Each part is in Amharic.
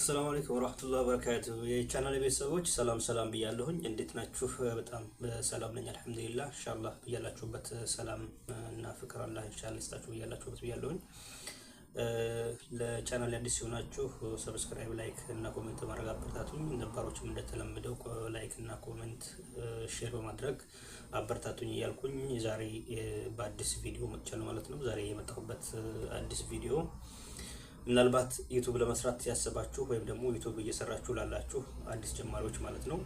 አሰላሙ አለይኩም ወራህመቱላሂ ወበረካቱ የቻናል ቤተሰቦች ሰላም ሰላም ብያለሁኝ። እንዴት ናችሁ? በጣም በሰላም ነኝ አልሐምዱሊላህ። ኢንሻአላህ ብያላችሁበት ሰላም እና ፍቅር አላህ ኢንሻአላህ ይስጣችሁ ብያላችሁበት ብያለሁኝ። ለቻናል አዲስ ሲሆናችሁ ሰብስክራይብ፣ ላይክ እና ኮሜንት ማድረግ አበርታቱኝ። ነባሮችም እንደተለመደው ላይክ እና ኮሜንት፣ ሼር በማድረግ አበርታቱኝ እያልኩኝ ዛሬ በአዲስ ቪዲዮ መጥቻለሁ ማለት ነው። ዛሬ የመጣሁበት አዲስ ቪዲዮ ምናልባት ዩቱብ ለመስራት ያስባችሁ ወይም ደግሞ ዩቱብ እየሰራችሁ ላላችሁ አዲስ ጀማሪዎች ማለት ነው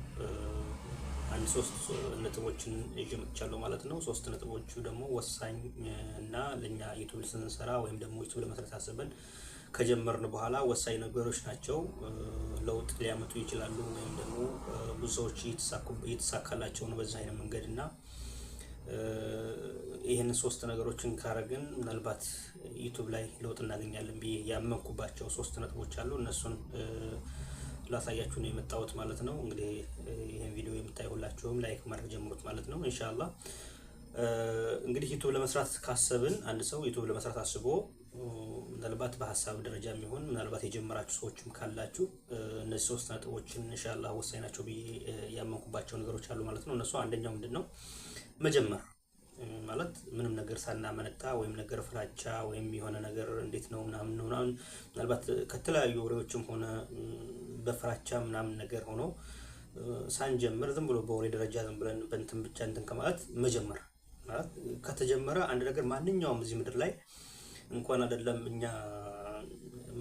አንድ ሶስት ነጥቦችን ይዤ መጥቻለሁ ማለት ነው። ሶስት ነጥቦቹ ደግሞ ወሳኝ እና ለእኛ ዩቱብ ስንሰራ ወይም ደግሞ ዩቱብ ለመስራት ያስበን ከጀመርን በኋላ ወሳኝ ነገሮች ናቸው። ለውጥ ሊያመጡ ይችላሉ ወይም ደግሞ ብዙ ሰዎች እየተሳካላቸው ነው በዚህ አይነት መንገድ እና ይህን ሶስት ነገሮችን ካረግን ምናልባት ዩቱብ ላይ ለውጥ እናገኛለን ብዬ ያመንኩባቸው ሶስት ነጥቦች አሉ። እነሱን ላሳያችሁ ነው የመጣሁት ማለት ነው። እንግዲህ ይህን ቪዲዮ የምታይ ሁላችሁም ላይክ ማድረግ ጀምሩት ማለት ነው እንሻላ። እንግዲህ ዩቱብ ለመስራት ካሰብን አንድ ሰው ዩቱብ ለመስራት አስቦ ምናልባት በሀሳብ ደረጃ የሚሆን ምናልባት የጀመራችሁ ሰዎችም ካላችሁ እነዚህ ሶስት ነጥቦችን እንሻላ ወሳኝ ናቸው ብዬ ያመንኩባቸው ነገሮች አሉ ማለት ነው። እነሱ አንደኛው ምንድን ነው መጀመር ማለት ምንም ነገር ሳናመነታ ወይም ነገር ፍራቻ ወይም የሆነ ነገር እንዴት ነው ምናምን ምናምን ምናልባት ከተለያዩ ወሬዎችም ሆነ በፍራቻ ምናምን ነገር ሆኖ ሳንጀምር ዝም ብሎ በወሬ ደረጃ ዝም ብለን በእንትን ብቻ እንትን ከማለት መጀመር ማለት ከተጀመረ አንድ ነገር ማንኛውም እዚህ ምድር ላይ እንኳን አይደለም እኛ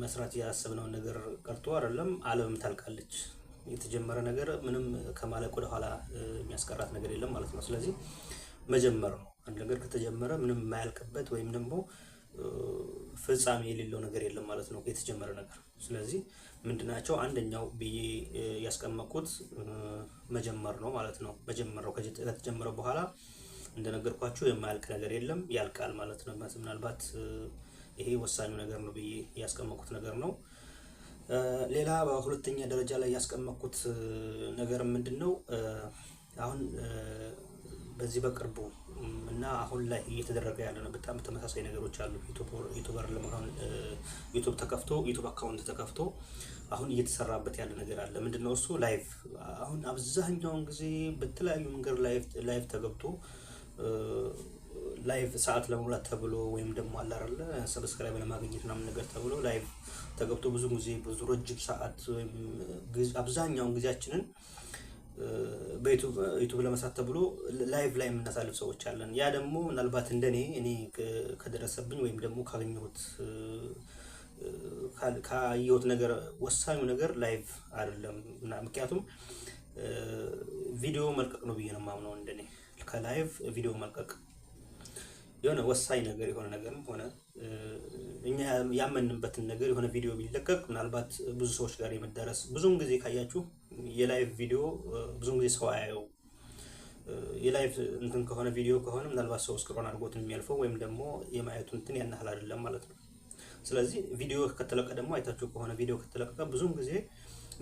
መስራት ያሰብነውን ነገር ቀርቶ አይደለም ዓለምም ታልቃለች። የተጀመረ ነገር ምንም ከማለቅ ወደኋላ የሚያስቀራት ነገር የለም ማለት ነው። ስለዚህ መጀመር ነው። አንድ ነገር ከተጀመረ ምንም የማያልቅበት ወይም ደግሞ ፍጻሜ የሌለው ነገር የለም ማለት ነው የተጀመረ ነገር። ስለዚህ ምንድናቸው አንደኛው ብዬ ያስቀመጥኩት መጀመር ነው ማለት ነው። መጀመረው ከተጀመረ በኋላ እንደነገርኳችሁ የማያልቅ ነገር የለም፣ ያልቃል ማለት ነው። ምናልባት ይሄ ወሳኙ ነገር ነው ብዬ ያስቀመጥኩት ነገር ነው። ሌላ በሁለተኛ ደረጃ ላይ ያስቀመጥኩት ነገር ምንድን ነው አሁን በዚህ በቅርቡ እና አሁን ላይ እየተደረገ ያለ ነው። በጣም ተመሳሳይ ነገሮች አሉ። ዩቱበር ለመሆን ዩቱብ ተከፍቶ ዩቱብ አካውንት ተከፍቶ አሁን እየተሰራበት ያለ ነገር አለ። ምንድን ነው እሱ? ላይቭ አሁን አብዛኛውን ጊዜ በተለያዩ መንገድ ላይቭ ተገብቶ ላይቭ ሰዓት ለመሙላት ተብሎ ወይም ደግሞ አላረለ ሰብስክራይብ ለማግኘት ምናምን ነገር ተብሎ ላይቭ ተገብቶ ብዙ ጊዜ ብዙ ረጅም ሰዓት ወይም አብዛኛውን ጊዜያችንን በዩቱብ ለመስራት ተብሎ ላይቭ ላይ የምናሳልፍ ሰዎች አለን። ያ ደግሞ ምናልባት እንደኔ እኔ ከደረሰብኝ ወይም ደግሞ ካገኘሁት ካየሁት ነገር ወሳኙ ነገር ላይቭ አይደለም። ምክንያቱም ቪዲዮ መልቀቅ ነው ብዬ ነው የማምነው። እንደኔ ከላይቭ ቪዲዮ መልቀቅ የሆነ ወሳኝ ነገር የሆነ ነገርም ሆነ እኛ ያመንበትን ነገር የሆነ ቪዲዮ ቢለቀቅ ምናልባት ብዙ ሰዎች ጋር የመዳረስ ብዙውን ጊዜ ካያችሁ የላይቭ ቪዲዮ ብዙውን ጊዜ ሰው አያየው። የላይቭ እንትን ከሆነ ቪዲዮ ከሆነ ምናልባት ሰው እስክሮን አድርጎት የሚያልፈው ወይም ደግሞ የማየቱ እንትን ያን ያህል አይደለም ማለት ነው። ስለዚህ ቪዲዮ ከተለቀ ደግሞ አይታችሁ ከሆነ ቪዲዮ ከተለቀቀ ብዙውን ጊዜ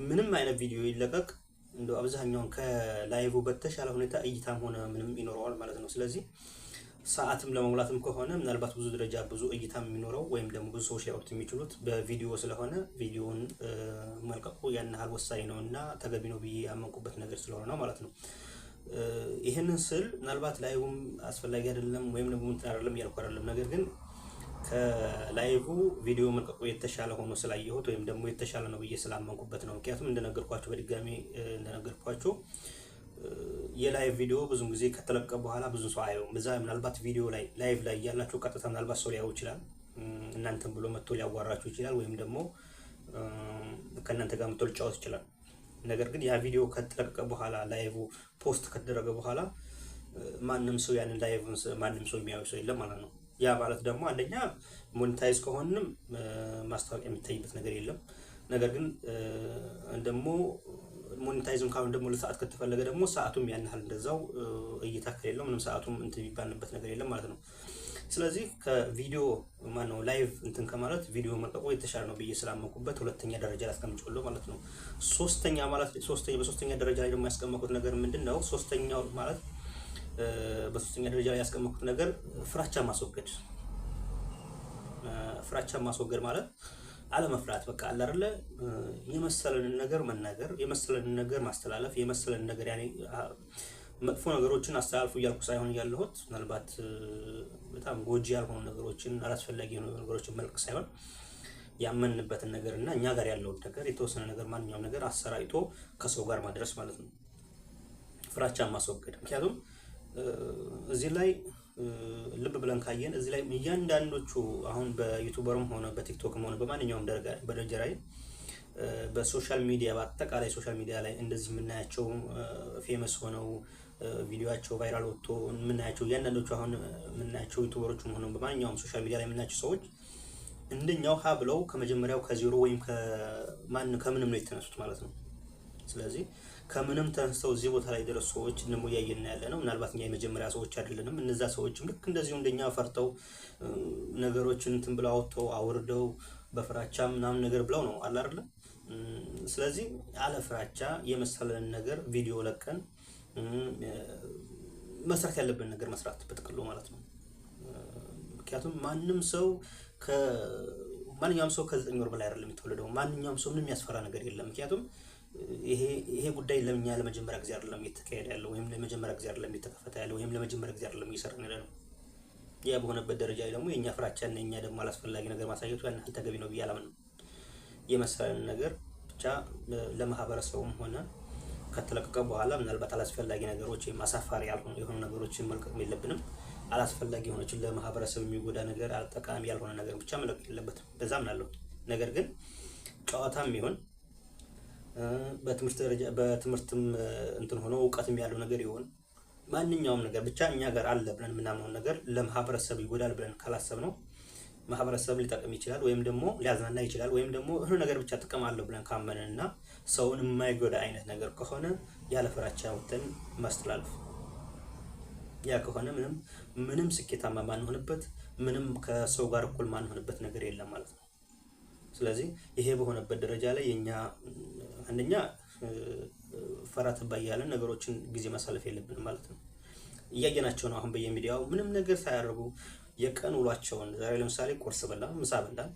ምንም አይነት ቪዲዮ ይለቀቅ እንደው አብዛኛውን ከላይቭ በተሻለ ሁኔታ እይታም ሆነ ምንም ይኖረዋል ማለት ነው። ስለዚህ ሰዓትም ለመሙላትም ከሆነ ምናልባት ብዙ ደረጃ ብዙ እይታ የሚኖረው ወይም ደግሞ ብዙ ሰዎች ሊያወጡት የሚችሉት በቪዲዮ ስለሆነ ቪዲዮን መልቀቁ ያን ያህል ወሳኝ ነው እና ተገቢ ነው ብዬ ያመንኩበት ነገር ስለሆነ ነው ማለት ነው። ይህንን ስል ምናልባት ላይቡም አስፈላጊ አይደለም ወይም ደግሞ እንትን አይደለም እያልኩ አይደለም። ነገር ግን ከላይቡ ቪዲዮ መልቀቁ የተሻለ ሆኖ ስላየሁት ወይም ደግሞ የተሻለ ነው ብዬ ስላመንኩበት ነው። ምክንያቱም እንደነገርኳቸው በድጋሚ እንደነገርኳቸው የላይቭ ቪዲዮ ብዙን ጊዜ ከተለቀ በኋላ ብዙ ሰው አየው እዛ ምናልባት ቪዲዮ ላይ ላይቭ ላይ እያላችሁ ቀጥታ ምናልባት ሰው ሊያው ይችላል፣ እናንተን ብሎ መጥቶ ሊያዋራችሁ ይችላል፣ ወይም ደግሞ ከእናንተ ጋር መጥቶ ሊጫወት ይችላል። ነገር ግን ያ ቪዲዮ ከተለቀቀ በኋላ ላይቭ ፖስት ከተደረገ በኋላ ማንም ሰው ያንን ላይቭ ማንም ሰው የሚያዩ ሰው የለም ማለት ነው። ያ ማለት ደግሞ አንደኛ ሞኔታይዝ ከሆንም ማስታወቂያ የሚታይበት ነገር የለም። ነገር ግን ደግሞ ሞኔታይዝም ካሁን ደግሞ ለሰዓት ከተፈለገ ደግሞ ሰዓቱም ያን ያህል እንደዛው እይታ ከሌለው ምንም ሰዓቱም እንትን የሚባልንበት ነገር የለም ማለት ነው። ስለዚህ ከቪዲዮ ማነው ላይቭ እንትን ከማለት ቪዲዮ መልቀቁ የተሻለ ነው ብዬ ስላመኩበት ሁለተኛ ደረጃ ላይ አስቀምጫለሁ ማለት ነው። ሶስተኛ ማለት ሶስተኛ በሶስተኛ ደረጃ ላይ ደግሞ ያስቀመኩት ነገር ምንድን ነው? ሶስተኛው ማለት በሶስተኛ ደረጃ ላይ ያስቀመኩት ነገር ፍራቻ ማስወገድ። ፍራቻ ማስወገድ ማለት አለመፍራት በቃ አላርለ አይደለ የመሰለንን ነገር መናገር፣ የመሰለንን ነገር ማስተላለፍ፣ የመሰለንን ነገር ያኔ መጥፎ ነገሮችን አስተላልፉ እያልኩ ሳይሆን ያለሁት ምናልባት በጣም ጎጂ ያልሆኑ ነገሮችን አላስፈላጊ የሆኑ ነገሮችን መልክ ሳይሆን ያመንበትን ነገር እና እኛ ጋር ያለውን ነገር የተወሰነ ነገር ማንኛውም ነገር አሰራጭቶ ከሰው ጋር ማድረስ ማለት ነው፣ ፍራቻን ማስወገድ። ምክንያቱም እዚህ ላይ ልብ ብለን ካየን እዚህ ላይ እያንዳንዶቹ አሁን በዩቱበርም ሆነ በቲክቶክም ሆነ በማንኛውም በደረጃ ላይ በሶሻል ሚዲያ በአጠቃላይ ሶሻል ሚዲያ ላይ እንደዚህ የምናያቸው ፌመስ ሆነው ቪዲዮቸው ቫይራል ወጥቶ የምናያቸው እያንዳንዶቹ አሁን የምናያቸው ዩቱበሮችም ሆነ በማንኛውም ሶሻል ሚዲያ ላይ የምናያቸው ሰዎች እንደኛው ሀ ብለው ከመጀመሪያው ከዜሮ ወይም ከማን ከምንም ነው የተነሱት ማለት ነው። ስለዚህ ከምንም ተነስተው እዚህ ቦታ ላይ ደረሱ ሰዎች እንሞያየና ያለ ነው። ምናልባት እኛ የመጀመሪያ ሰዎች አይደለንም። እነዛ ሰዎችም ልክ እንደዚሁ እንደኛ ፈርተው ነገሮችን እንትን ብለው አውጥተው አውርደው በፍራቻ ምናምን ነገር ብለው ነው አለ አይደለም። ስለዚህ አለ ፍራቻ የመሰለን ነገር ቪዲዮ ለቀን መስራት ያለብን ነገር መስራት በጥቅሉ ማለት ነው። ምክንያቱም ማንም ሰው ማንኛውም ሰው ከዘጠኝ ወር በላይ አይደለም የተወለደው። ማንኛውም ሰው ምንም ያስፈራ ነገር የለም። ምክንያቱም ይሄ ጉዳይ ለእኛ ለመጀመሪያ ጊዜ አይደለም እየተካሄደ ያለው ወይም ለመጀመሪያ ጊዜ አይደለም እየተከፈተ ያለው ወይም ለመጀመሪያ ጊዜ አይደለም እየሰራን ያለ ነው። ያ በሆነበት ደረጃ ደግሞ የእኛ እና የእኛ ደግሞ አላስፈላጊ ነገር ማሳየቱ ያን ያህል ተገቢ ነው ብዬ አላምንም። የመሰለን ነገር ብቻ ለማህበረሰቡም ሆነ ከተለቀቀ በኋላ ምናልባት አላስፈላጊ ነገሮች ወይም አሳፋሪ ያልሆኑ የሆኑ ነገሮችን መልቀቅም የለብንም። አላስፈላጊ የሆነችን ለማህበረሰብ የሚጎዳ ነገር፣ ጠቃሚ ያልሆነ ነገር ብቻ መለቀቅ የለበትም። በዛም ናለው ነገር ግን ጨዋታም ይሁን በትምህርት ደረጃ በትምህርትም እንትን ሆኖ እውቀትም ያለው ነገር ይሆን ማንኛውም ነገር ብቻ እኛ ጋር አለ ብለን የምናምነውን ነገር ለማህበረሰብ ይጎዳል ብለን ካላሰብ ነው ማህበረሰብ ሊጠቅም ይችላል፣ ወይም ደግሞ ሊያዝናና ይችላል፣ ወይም ደግሞ እህሉ ነገር ብቻ ጥቅም አለው ብለን ካመንን እና ሰውን የማይጎዳ አይነት ነገር ከሆነ ያለ ፍራቻ ውትን መስላልፍ ያ ከሆነ ምንም ምንም ስኬታማ ማንሆንበት፣ ምንም ከሰው ጋር እኩል ማንሆንበት ነገር የለም ማለት ነው። ስለዚህ ይሄ በሆነበት ደረጃ ላይ የኛ አንደኛ ፈራ ተባ ነገሮችን ጊዜ ማሳለፍ የለብንም ማለት ነው። እያየናቸው ነው አሁን በየሚዲያው ምንም ነገር ሳያደርጉ የቀን ውሏቸውን ዛሬ ለምሳሌ ቁርስ በላን፣ ምሳ በላን፣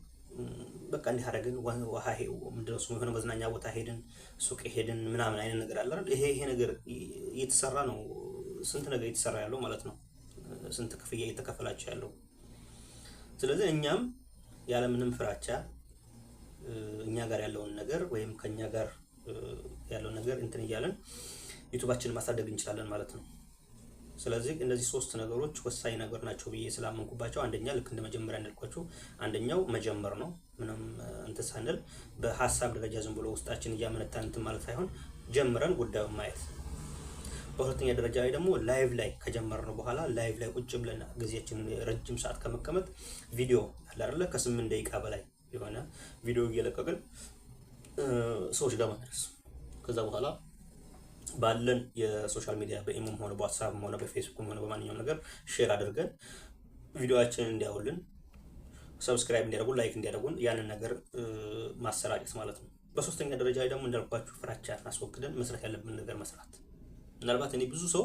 በቃ እንዲህ አደረግን፣ ውሃ የሆነ መዝናኛ ቦታ ሄድን፣ ሱቅ ሄድን ምናምን አይነት ነገር አለ። ይሄ ይሄ ነገር እየተሰራ ነው። ስንት ነገር እየተሰራ ያለው ማለት ነው። ስንት ክፍያ እየተከፈላቸው ያለው። ስለዚህ እኛም ያለምንም ፍራቻ እኛ ጋር ያለውን ነገር ወይም ከኛ ጋር ያለውን ነገር እንትን እያለን ዩቱባችንን ማሳደግ እንችላለን ማለት ነው። ስለዚህ እነዚህ ሶስት ነገሮች ወሳኝ ነገር ናቸው ብዬ ስላመንኩባቸው፣ አንደኛ ልክ እንደ መጀመሪያ እንዳልኳቸው አንደኛው መጀመር ነው። ምንም እንትን ሳንል በሀሳብ ደረጃ ዝም ብሎ ውስጣችን እያመነታን እንትን ማለት ሳይሆን ጀምረን ጉዳዩን ማየት። በሁለተኛ ደረጃ ላይ ደግሞ ላይቭ ላይ ከጀመርነው በኋላ ላይቭ ላይ ቁጭ ብለን ጊዜያችን ረጅም ሰዓት ከመቀመጥ ቪዲዮ አለ አይደለ ከስምንት ደቂቃ በላይ የሆነ ቪዲዮ እየለቀቅን ሰዎች ጋር መድረስ ከዛ በኋላ ባለን የሶሻል ሚዲያ በኢሞም ሆነ በዋትሳፕም ሆነ በፌስቡክ ሆነ በማንኛውም ነገር ሼር አድርገን ቪዲዮችንን እንዲያውልን ሰብስክራይብ እንዲያደርጉ ላይክ እንዲያደርጉን ያንን ነገር ማሰራጨት ማለት ነው። በሶስተኛ ደረጃ ላይ ደግሞ እንዳልኳችሁ ፍራቻ አስወግደን መስራት ያለብን ነገር መስራት። ምናልባት እኔ ብዙ ሰው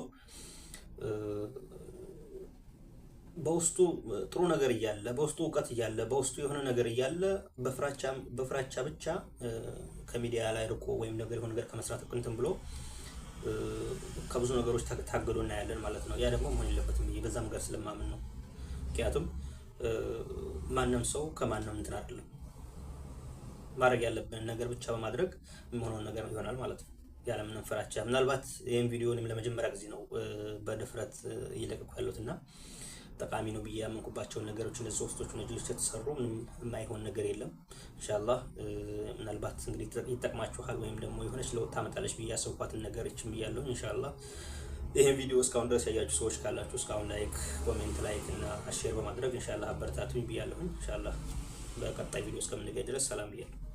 በውስጡ ጥሩ ነገር እያለ በውስጡ እውቀት እያለ በውስጡ የሆነ ነገር እያለ በፍራቻ ብቻ ከሚዲያ ላይ ርቆ ወይም ነገር የሆነ ነገር ከመስራት እንትን ብሎ ከብዙ ነገሮች ታገዶ እናያለን ማለት ነው። ያ ደግሞ መሆን የለበትም ብዬ በዛ ነገር ስለማምን ነው። ምክንያቱም ማንም ሰው ከማንም እንትን አይደለም። ማድረግ ያለብን ነገር ብቻ በማድረግ የሚሆነውን ነገር ይሆናል ማለት ነው። ያለምንም ፍራቻ ምናልባት ይህም ቪዲዮ ለመጀመሪያ ጊዜ ነው በድፍረት እየለቀቁ ያሉት እና ጠቃሚ ነው ብዬ ያመንኩባቸውን ነገሮች እነዚህ ሶስቶቹ ነጆች የተሰሩ የማይሆን ነገር የለም። እንሻላ ምናልባት እንግዲህ ይጠቅማችኋል ወይም ደግሞ የሆነች ለውጥ ታመጣለች ብዬ ያሰብኳትን ነገር ይችም ብያለሁ። እንሻላ ይህን ቪዲዮ እስካሁን ድረስ ያያችሁ ሰዎች ካላችሁ እስካሁን ላይክ፣ ኮሜንት፣ ላይክ እና አሼር በማድረግ እንሻላ አበረታቱኝ ብያለሁኝ። እንሻላ በቀጣይ ቪዲዮ እስከምንገኝ ድረስ ሰላም ብያለሁ።